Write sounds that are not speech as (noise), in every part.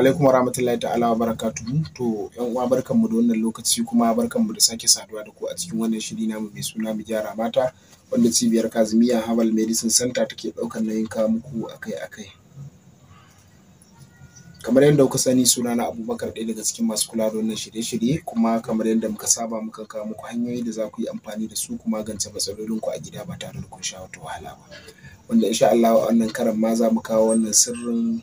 alaikum wa rahmatullahi ta'ala wa barakatuhu to yan uwa barkan mu da wannan lokaci kuma barkan mu da sake saduwa da ku a cikin wannan shiri namu mai suna mu gyara mata wanda cibiyar Kazimiya Herbal Medicine Center take daukar nayin ka muku akai-akai kamar yadda kuka sani suna na Abubakar ɗaya daga cikin masu kula da wannan shirye-shirye kuma kamar yadda muka saba muka kawo muku hanyoyi da za ku yi amfani da su ku magance matsalolin ku a gida ba tare da kun sha wata wahala ba wanda insha Allah wannan karan ma za mu kawo wannan sirrin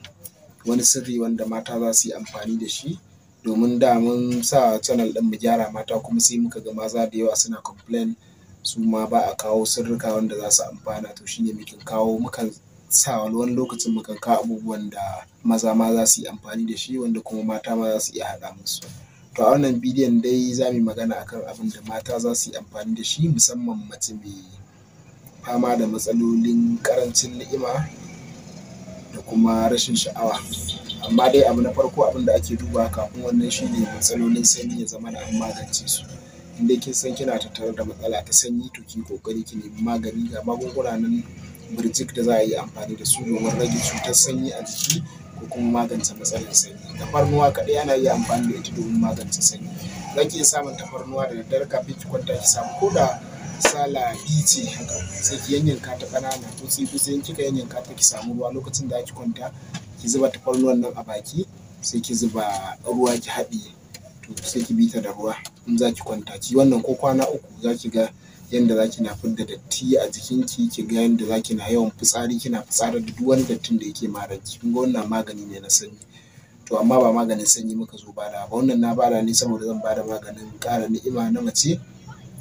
wani sirri wanda mata za su yi amfani da shi domin da mun sa channel din mu gyara mata kuma sai muka ga maza da yawa suna complain su ma ba a kawo sirrika wanda za su amfana to shine muke kawo mukan sa wani lokacin mukan kawo abubuwan da maza ma za su yi amfani da shi wanda kuma mata ma za su iya haɗa musu to a wannan bidiyon dai za mu yi magana akan abin da mata za su yi amfani da shi musamman mace mai fama da matsalolin karancin ni'ima da kuma rashin sha'awa amma dai abu na farko abin da ake duba kafin wannan shi ne matsalolin sanyi ya zama na an magance su inda kin san kina tattare da matsala ta sanyi to ki kokari ki nemi magani ga magunguna nan birjik da za a yi amfani da su domin rage cutar sanyi a jiki ko kuma magance matsalar sanyi tafarnuwa kaɗai ana iya amfani da ita domin magance sanyi zaki iya samun tafarnuwa da daddare kafin ki kwanta ki samu ko da sala ce haka sai ki yanyanka ta ƙanana sai kutsi in kika yanyanka ta ki samu ruwa lokacin da ki kwanta ki zuba tafarnuwan nan a baki sai ki zuba ruwa ki haɗiye to sai ki bita da ruwa in za ki kwanta ki wannan ko kwana uku za ki ga yanda za ki na fidda datti a jikin ki ki ga yanda za ki na yawan fitsari kina fitsarar da duk wani dattin da yake maranki kun ga wannan magani ne na sanyi to amma ba maganin sanyi muka zo bada ba wannan na bada ne saboda zan bada maganin ƙara ni'ima na mace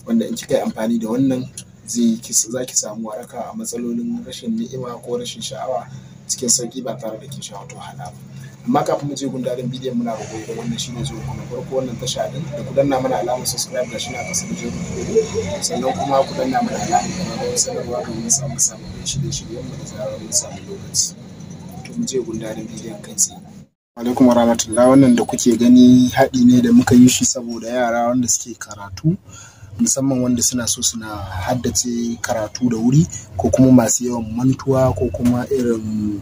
wanda in kika yi amfani da wannan zai za ki samu waraka a matsalolin rashin ni'ima ko rashin sha'awa cikin sauki ba tare da kin sha wato wahala ba amma kafin mu je gundarin bidiyon muna roƙo da wannan shine zuwa kuma farko wannan tasha din da ku danna mana alamar subscribe da shine a ƙasar jirgin kuɗi sannan kuma ku danna mana alamar kuma sanarwa domin samun samu shirye-shiryen shi da zarar mun samu lokaci to mu je gundarin bidiyon kai tsaye alaikum warahmatullahi wannan da kuke gani haɗi ne da muka yi shi saboda yara wanda suke karatu musamman wanda suna so suna haddace karatu da wuri ko kuma masu yawan mantuwa ko kuma irin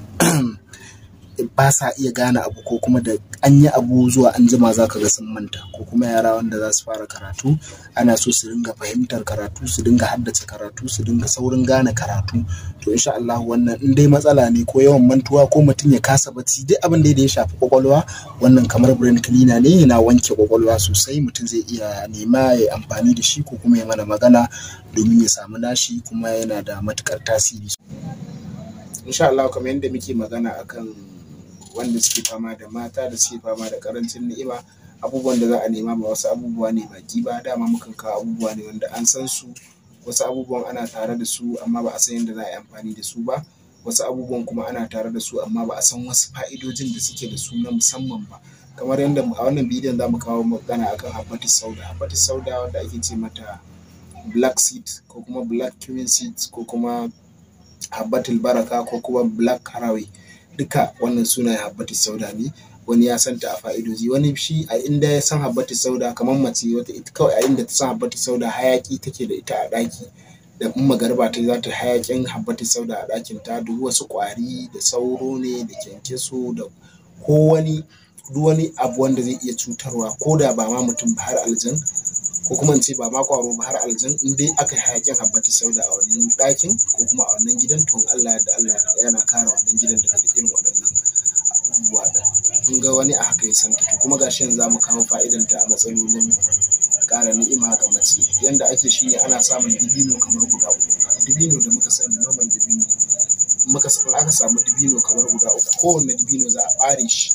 ba sa iya gane abu ko kuma da an yi abu zuwa an jima za ka ga sun manta ko kuma yara wanda za su fara karatu ana so su dinga fahimtar karatu su dinga haddace karatu su dinga saurin gane karatu to insha Allah wannan in dai matsala ne ko yawan mantuwa ko mutum ya kasa bacci duk abin da ya shafi kwakwalwa wannan kamar brain cleaner ne yana wanke kwakwalwa sosai mutum zai iya nema ya amfani da shi ko kuma ya mana magana domin ya samu nashi kuma yana da matukar tasiri insha Allah kamar yadda muke magana akan wanda suke fama da mata da suke fama da karancin ni'ima abubuwan da za a nema ba wasu abubuwa ne baki ba dama mukan kawo abubuwa ne wanda an san su wasu abubuwan ana tare da su amma ba a san yadda za a yi amfani da su ba wasu abubuwan kuma ana tare da su amma ba a san wasu fa'idojin da suke da su na musamman ba kamar yadda a wannan bidiyon za mu kawo magana akan habbatus sauda habbatus sauda wanda ake ce mata black seed ko kuma black cumin seed ko kuma habbatul baraka ko kuma black caraway duka wannan sunayen habbatus sauda ne wani ya santa a fa'idoji wani shi a inda ya san habbatus sauda kamar mace wata ita kawai a inda ta san habbatus sauda hayaki take da ita a ɗaki da in magarba ta za ta hayakin habbatus sauda a ɗakin ta duk wasu ƙwari da sauro ne da kyankyaso da ko wani duk wani abu wanda zai iya cutarwa ko da ba ma mutum ba har aljan ko kuma ce ba ma kwaro ba har aljan in dai aka yi hayakin habbatu sauda a wannan dakin ko kuma a wannan gidan to Allah da Allah yana kare wannan gidan daga duk irin waɗannan abubuwa da kun ga wani a haka ya santa to kuma gashi yanzu zamu kawo fa'idanta a matsalolin ƙara ni'ima ga mace yanda ake shi ne ana samun dibino kamar guda uku dibino da muka sani noman dibino muka aka samu dibino kamar guda uku kowanne dibino za a ɓare shi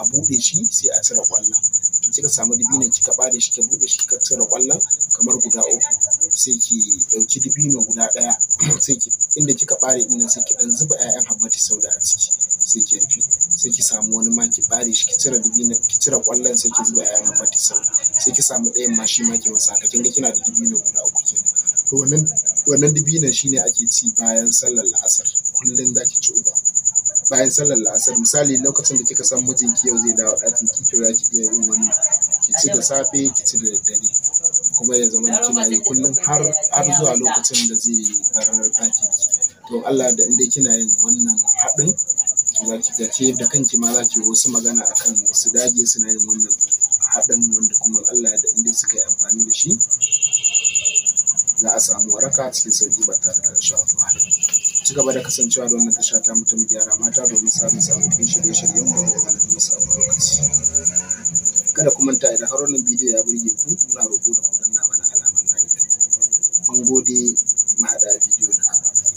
a buɗe shi sai a cire ƙwallon to kika samu dibino kika bare shi ka buɗe shi ka cire ƙwallon kamar guda uku sai ki ɗauki dibino guda ɗaya (clears throat) sai ki inda kika bare dinnan sai ki ɗan zuba 'ya'yan habbati sauda a ciki sai ki rufe sai ki samu wani ma ki bare shi ki cire dibino ki cire ƙwallon sai ki zuba 'ya'yan habbati sauda sai ki samu ɗayan ma shi ma ki masa ka kin ga kina da dibino guda uku kenan to wannan wannan dibinan shine ake ci bayan sallar la'asar kullun zaki ci uku bayan sallar la'asar misali lokacin da kika san ki yau zai dawo ɗakin ki to za ki iya yin wani ki ci da safe ki ci da daddare kuma ya zama kina yi kullum har har zuwa lokacin da zai karar ɗakin ki to Allah da inda kina yin wannan haɗin za ki gace da kanki ma za ki wasu magana akan su dage suna yin wannan haɗin wanda kuma Allah da inda suka yi amfani da shi za a samu waraka cikin sauki ba tare da sha wata wahala ci gaba da kasancewa da wannan tasha ta mutum gyara mata domin samun sabbin shirye-shiryen mu da wani kuma lokaci kada ku manta idan har wannan bidiyo ya burge ku muna roƙo da ku danna mana alamar like mun gode mu bidiyo na gaba